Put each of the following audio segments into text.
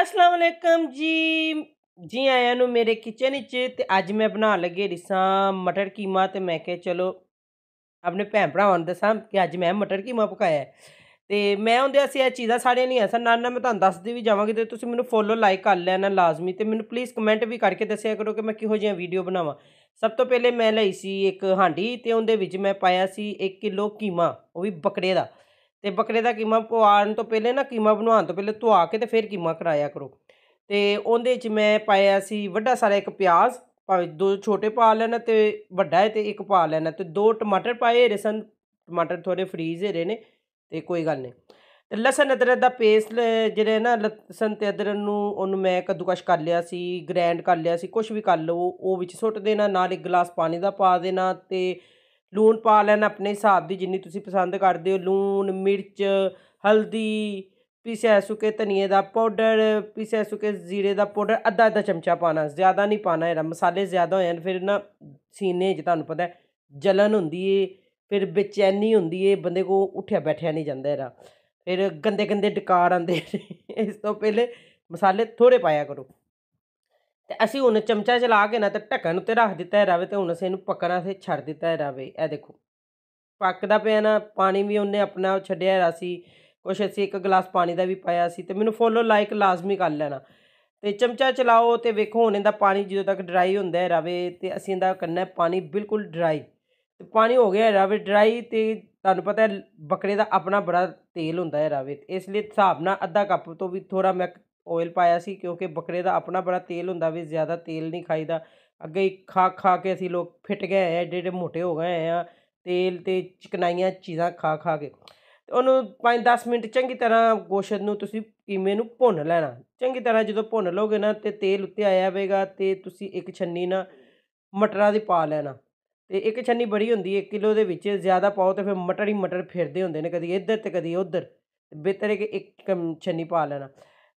ਅਸਲਾਮ ਅਲੈਕਮ ਜੀ ਜੀ ਆਇਆਂ ਨੂੰ ਮੇਰੇ ਕਿਚਨ ਵਿੱਚ ਤੇ ਅੱਜ ਮੈਂ ਬਣਾ ਲੱਗੇ ਰਿਸਾਂ ਮਟਰ ਕੀਮਾ ਤੇ ਮੈਂ ਕਿਹਾ ਚਲੋ ਆਪਣੇ ਭੈਣ ਭਰਾਵਾਂ ਨੂੰ ਦੱਸਾਂ ਕਿ ਅੱਜ ਮੈਂ ਮਟਰ ਕੀਮਾ ਪਕਾਇਆ ਤੇ ਮੈਂ ਹੁੰਦੇ ਅਸੀਂ ਇਹ ਚੀਜ਼ਾਂ ਸਾੜੀਆਂ ਨਹੀਂ ਅਸਾਂ ਨਾਨਾ ਮੈਂ ਤੁਹਾਨੂੰ ਦੱਸਦੀ ਵੀ ਜਾਵਾਂਗੀ ਤੇ ਤੁਸੀਂ ਮੈਨੂੰ ਫੋਲੋ ਲਾਈਕ ਕਰ ਲੈਣਾ ਲਾਜ਼ਮੀ ਤੇ ਮੈਨੂੰ ਪਲੀਜ਼ ਕਮੈਂਟ ਵੀ ਕਰਕੇ ਦੱਸਿਆ ਕਰੋ ਕਿ ਮੈਂ ਕਿਹੋ ਜਿਹਾ ਵੀਡੀਓ ਬਣਾਵਾਂ ਸਭ ਤੋਂ ਪਹਿਲੇ ਮੈਂ ਲਈ ਸੀ ਇੱਕ ਹਾਂਡੀ ਤੇ ਉਹਦੇ ਵਿੱਚ ਮੈਂ ਪਾਇਆ ਸੀ 1 ਕਿਲੋ ਕੀਮਾ ਉਹ ਵੀ ਬੱਕਰੇ ਦਾ ਤੇ ਬੱਕਰੇ ਦਾ ਕੀਮਾ ਪਵਾਉਣ ਤੋਂ ਪਹਿਲੇ ਨਾ ਕੀਮਾ ਬਣਾਉਣ ਤੋਂ ਪਹਿਲੇ ਧੁਆ ਕੇ ਤੇ ਫਿਰ ਕੀਮਾ ਕਰਾਇਆ ਕਰੋ ਤੇ ਉਹਦੇ ਵਿੱਚ ਮੈਂ ਪਾਇਆ ਸੀ ਵੱਡਾ ਸਾਰਾ ਇੱਕ ਪਿਆਜ਼ ਭਾਵੇਂ ਦੋ ਛੋਟੇ ਪਾ ਲੈਣਾ ਤੇ ਵੱਡਾ ਹੈ ਤੇ ਇੱਕ ਪਾ ਲੈਣਾ ਤੇ ਦੋ ਟਮਾਟਰ ਪਾਏ ਰਸਨ ਟਮਾਟਰ ਥੋੜੇ ਫਰੀਜ਼ ਹੋ ਰਹੇ ਨੇ ਤੇ ਕੋਈ ਗੱਲ ਨਹੀਂ ਤੇ ਲਸਣ ਅਦਰਕ ਦਾ ਪੇਸਟ ਜਿਹੜੇ ਨਾ ਲਸਣ ਤੇ ਅਦਰਕ ਨੂੰ ਉਹਨੂੰ ਮੈਂ ਕਦੂਕਸ਼ ਕਰ ਲਿਆ ਸੀ ਗ੍ਰੈਂਡ ਕਰ ਲਿਆ ਸੀ ਕੁਝ ਵੀ ਕਰ ਲਓ ਉਹ ਵਿੱਚ ਸੁੱਟ ਦੇਣਾ ਨਾਲ ਇੱਕ ਗਲਾਸ ਪਾਣੀ ਦਾ ਪਾ ਦੇਣਾ ਤੇ ਲੂਣ ਪਾ ਲੈਣਾ ਆਪਣੇ ਹਿਸਾਬ ਦੀ ਜਿੰਨੀ ਤੁਸੀਂ ਪਸੰਦ ਕਰਦੇ ਹੋ ਲੂਣ ਮਿਰਚ ਹਲਦੀ ਪੀਸਿਆ ਸੁਕੇ ਧਨੀਏ ਦਾ ਪਾਊਡਰ ਪੀਸਿਆ ਸੁਕੇ ਜ਼ੀਰੇ ਦਾ ਪਾਊਡਰ ਅੱਧਾ ਅੱਧਾ ਚਮਚਾ ਪਾਣਾ ਜ਼ਿਆਦਾ ਨਹੀਂ ਪਾਣਾ ਇਹਦਾ ਮਸਾਲੇ ਜ਼ਿਆਦਾ ਹੋਏ ਨਾ ਫਿਰ ਨਾ ਸੀਨੇ 'ਚ ਤੁਹਾਨੂੰ ਪਤਾ ਜਲਨ ਹੁੰਦੀ ਏ ਫਿਰ ਬੇਚੈਨੀ ਹੁੰਦੀ ਏ ਬੰਦੇ ਕੋ ਉੱਠਿਆ ਬੈਠਿਆ ਨਹੀਂ ਜਾਂਦਾ ਇਹਦਾ ਫਿਰ ਗੰਦੇ ਗੰਦੇ ਡਕਾਰ ਆਉਂਦੇ ਇਸ ਤੋਂ ਪਹਿਲੇ ਮਸਾਲੇ ਥੋੜੇ ਪਾਇਆ ਕਰੋ ਤੇ ਅਸੀਂ ਹੁਣ ਚਮਚਾ ਚਲਾ ਕੇ ਨਾ ਤੇ ਢੱਕਣ ਉੱਤੇ ਰੱਖ ਦਿੱਤਾ ਰਵੇ ਤੇ ਹੁਣ ਅਸੀਂ ਇਹਨੂੰ ਪੱਕਣਾ ਤੇ ਛੱਡ ਦਿੱਤਾ ਰਵੇ ਇਹ ਦੇਖੋ ਪੱਕਦਾ ਪਿਆ ਨਾ ਪਾਣੀ ਵੀ ਉਹਨੇ ਆਪਣਾ ਛੱਡਿਆ ਰਾਸੀ ਕੁਛ ਅਸੀਂ ਇੱਕ ਗਲਾਸ ਪਾਣੀ ਦਾ ਵੀ ਪਾਇਆ ਸੀ ਤੇ ਮੈਨੂੰ ਫੋਲੋ ਲਾਈਕ ਲਾਜ਼ਮੀ ਕਰ ਲੈਣਾ ਤੇ ਚਮਚਾ ਚਲਾਓ ਤੇ ਵੇਖੋ ਹੁਣ ਇਹਦਾ ਪਾਣੀ ਜਦੋਂ ਤੱਕ ਡਰਾਈ ਹੁੰਦਾ ਹੈ ਰਵੇ ਤੇ ਅਸੀਂ ਇਹਦਾ ਕਰਨਾ ਪਾਣੀ ਬਿਲਕੁਲ ਡਰਾਈ ਤੇ ਪਾਣੀ ਹੋ ਗਿਆ ਰਵੇ ਡਰਾਈ ਤੇ ਤੁਹਾਨੂੰ ਪਤਾ ਹੈ ਬੱਕਰੇ ਦਾ ਆਪਣਾ ਬੜਾ ਤੇਲ ਹੁੰਦਾ ਹੈ ਰਵੇ ਇਸ ਲਈ ਹਿਸਾਬ ਨਾਲ ਅੱਧਾ ਕੱਪ ਤੋਂ ਵੀ ਥੋੜਾ ਮੈਂ ਆਇਲ ਪਾਇਆ ਸੀ ਕਿਉਂਕਿ ਬੱਕਰੇ ਦਾ ਆਪਣਾ ਬੜਾ ਤੇਲ ਹੁੰਦਾ ਵੀ ਜ਼ਿਆਦਾ ਤੇਲ ਨਹੀਂ ਖਾਈਦਾ ਅੱਗੇ ਹੀ ਖਾ ਖਾ ਕੇ ਅਸੀਂ ਲੋਕ ਫਿੱਟ ਗਏ ਆ ਜਿਹੜੇ ਮੋਟੇ ਹੋ ਗਏ ਆ ਤੇਲ ਤੇ ਚਿਕਨਾਈਆਂ ਚੀਜ਼ਾਂ ਖਾ ਖਾ ਕੇ ਉਹਨੂੰ 5-10 ਮਿੰਟ ਚੰਗੀ ਤਰ੍ਹਾਂ ਗੋਸ਼ਤ ਨੂੰ ਤੁਸੀਂ ਕੀਮੇ ਨੂੰ ਭੁੰਨ ਲੈਣਾ ਚੰਗੀ ਤਰ੍ਹਾਂ ਜਦੋਂ ਭੁੰਨ ਲੋਗੇ ਨਾ ਤੇ ਤੇਲ ਉੱਤੇ ਆਇਆ ਹੋਵੇਗਾ ਤੇ ਤੁਸੀਂ ਇੱਕ ਛੰਨੀ ਨਾ ਮਟਰਾਂ ਦੀ ਪਾ ਲੈਣਾ ਤੇ ਇੱਕ ਛੰਨੀ ਬੜੀ ਹੁੰਦੀ ਹੈ 1 ਕਿਲੋ ਦੇ ਵਿੱਚ ਜ਼ਿਆਦਾ ਪਾਓ ਤੇ ਫਿਰ ਮਟਰ ਹੀ ਮਟਰ ਫਿਰਦੇ ਹੁੰਦੇ ਨੇ ਕਦੀ ਇੱਧਰ ਤੇ ਕਦੀ ਉੱਧਰ ਬਿਹਤਰ ਹੈ ਕਿ ਇੱਕ ਛੰਨੀ ਪਾ ਲੈਣਾ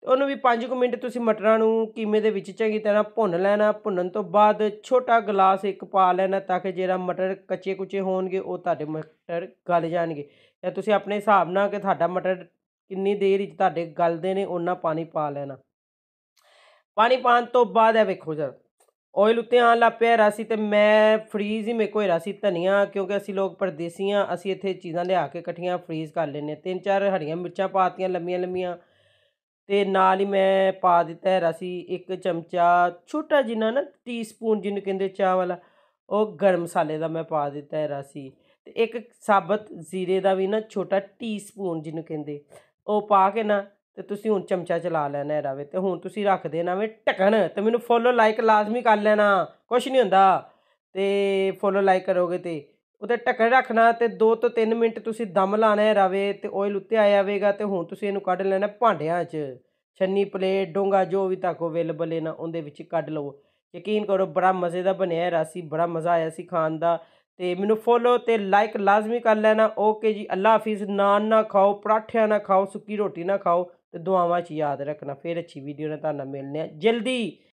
ਉਹਨੂੰ ਵੀ 5 ਕੁ ਮਿੰਟ ਤੁਸੀਂ ਮਟਰਾਂ ਨੂੰ ਕੀਮੇ ਦੇ ਵਿੱਚ ਚੰਗੀ ਤਰ੍ਹਾਂ ਭੁੰਨ ਲੈਣਾ ਭੁੰਨਣ ਤੋਂ ਬਾਅਦ ਛੋਟਾ ਗਲਾਸ ਇੱਕ ਪਾ ਲੈਣਾ ਤਾਂ ਕਿ ਜਿਹੜਾ ਮਟਰ ਕੱਚੇ ਕੁਚੇ ਹੋਣਗੇ ਉਹ ਤੁਹਾਡੇ ਮਟਰ ਗਲ ਜਾਣਗੇ ਜਾਂ ਤੁਸੀਂ ਆਪਣੇ ਹਿਸਾਬ ਨਾਲ ਕਿ ਤੁਹਾਡਾ ਮਟਰ ਕਿੰਨੀ ਦੇਰ ਵਿੱਚ ਤੁਹਾਡੇ ਗਲਦੇ ਨੇ ਉਹਨਾਂ ਪਾਣੀ ਪਾ ਲੈਣਾ ਪਾਣੀ ਪਾਣ ਤੋਂ ਬਾਅਦ ਇਹ ਵੇਖੋ ਜਰ ਔਇਲ ਉੱਤੇ ਆਣ ਲਾ ਪਿਆ ਰਾਸੀ ਤੇ ਮੈਂ ਫਰੀਜ਼ ਹੀ ਮੇ ਕੋਈ ਰਾਸੀ ਧਨੀਆ ਕਿਉਂਕਿ ਅਸੀਂ ਲੋਕ ਪਰਦੇਸੀਆਂ ਅਸੀਂ ਇੱਥੇ ਚੀਜ਼ਾਂ ਲਿਆ ਕੇ ਇਕੱਠੀਆਂ ਫਰੀਜ਼ ਕਰ ਲੈਨੇ ਤਿੰਨ ਚਾਰ ਹਰੀਆਂ ਮਿਰਚਾਂ ਪਾਤੀਆਂ ਲੰਮੀਆਂ ਲੰਮੀਆਂ ਤੇ ਨਾਲ ਹੀ ਮੈਂ ਪਾ ਦਿੱਤਾ ਹੈ ਰਸੀ ਇੱਕ ਚਮਚਾ ਛੋਟਾ ਜਿੰਨਾ ਨਾ ਟੀਸਪੂਨ ਜਿਹਨੂੰ ਕਹਿੰਦੇ ਚਾਹ ਵਾਲਾ ਉਹ ਗਰਮ ਮਸਾਲੇ ਦਾ ਮੈਂ ਪਾ ਦਿੱਤਾ ਹੈ ਰਸੀ ਤੇ ਇੱਕ ਸਾਬਤ ਜ਼ੀਰੇ ਦਾ ਵੀ ਨਾ ਛੋਟਾ ਟੀਸਪੂਨ ਜਿਹਨੂੰ ਕਹਿੰਦੇ ਉਹ ਪਾ ਕੇ ਨਾ ਤੇ ਤੁਸੀਂ ਹੁਣ ਚਮਚਾ ਚਲਾ ਲੈਣਾ ਹੈ ਰਾਵੇ ਤੇ ਹੁਣ ਤੁਸੀਂ ਰੱਖ ਦੇਣਾ ਵੇ ਟਕਣ ਤੇ ਮੈਨੂੰ ਫੋਲੋ ਲਾਈਕ ਲਾਜ਼ਮੀ ਕਰ ਲੈਣਾ ਕੁਝ ਨਹੀਂ ਹੁੰਦਾ ਤੇ ਫੋਲੋ ਲਾਈਕ ਕਰੋਗੇ ਤੇ ਉਹਦੇ ਟੱਕਰ ਰੱਖਣਾ ਤੇ 2 ਤੋਂ 3 ਮਿੰਟ ਤੁਸੀਂ ਦਮ ਲਾਣਾ ਹੈ ਰਵੇ ਤੇ ਆਇਲ ਉੱਤੇ ਆ ਜਾਵੇਗਾ ਤੇ ਹੁਣ ਤੁਸੀਂ ਇਹਨੂੰ ਕੱਢ ਲੈਣਾ ਭਾਂਡਿਆਂ 'ਚ ਛੰਨੀ ਪਲੇਟ ਡੋਂਗਾ ਜੋ ਵੀ ਤੱਕ ਅਵੇਲੇਬਲ ਹੈ ਨਾ ਉਹਦੇ ਵਿੱਚ ਕੱਢ ਲਵੋ ਯਕੀਨ ਕਰੋ ਬੜਾ ਮਜ਼ੇ ਦਾ ਬਣਿਆ ਰਾਸੀ ਬੜਾ ਮਜ਼ਾ ਆਇਆ ਸੀ ਖਾਣ ਦਾ ਤੇ ਮੈਨੂੰ ਫੋਲੋ ਤੇ ਲਾਈਕ ਲਾਜ਼ਮੀ ਕਰ ਲੈਣਾ ਓਕੇ ਜੀ ਅੱਲਾ ਹਾਫਿਜ਼ ਨਾਨ ਨਾ ਖਾਓ ਪਰਾਠਿਆਂ ਨਾ ਖਾਓ ਸੁੱਕੀ ਰੋਟੀ ਨਾ ਖਾਓ ਤੇ ਦੁਆਵਾਂ 'ਚ ਯਾਦ ਰੱਖਣਾ ਫੇਰ ਅੱਛੀ ਵੀਡੀਓ ਨਾਲ ਤੁਹਾਨੂੰ ਮਿਲਨੇ ਆ ਜਲਦੀ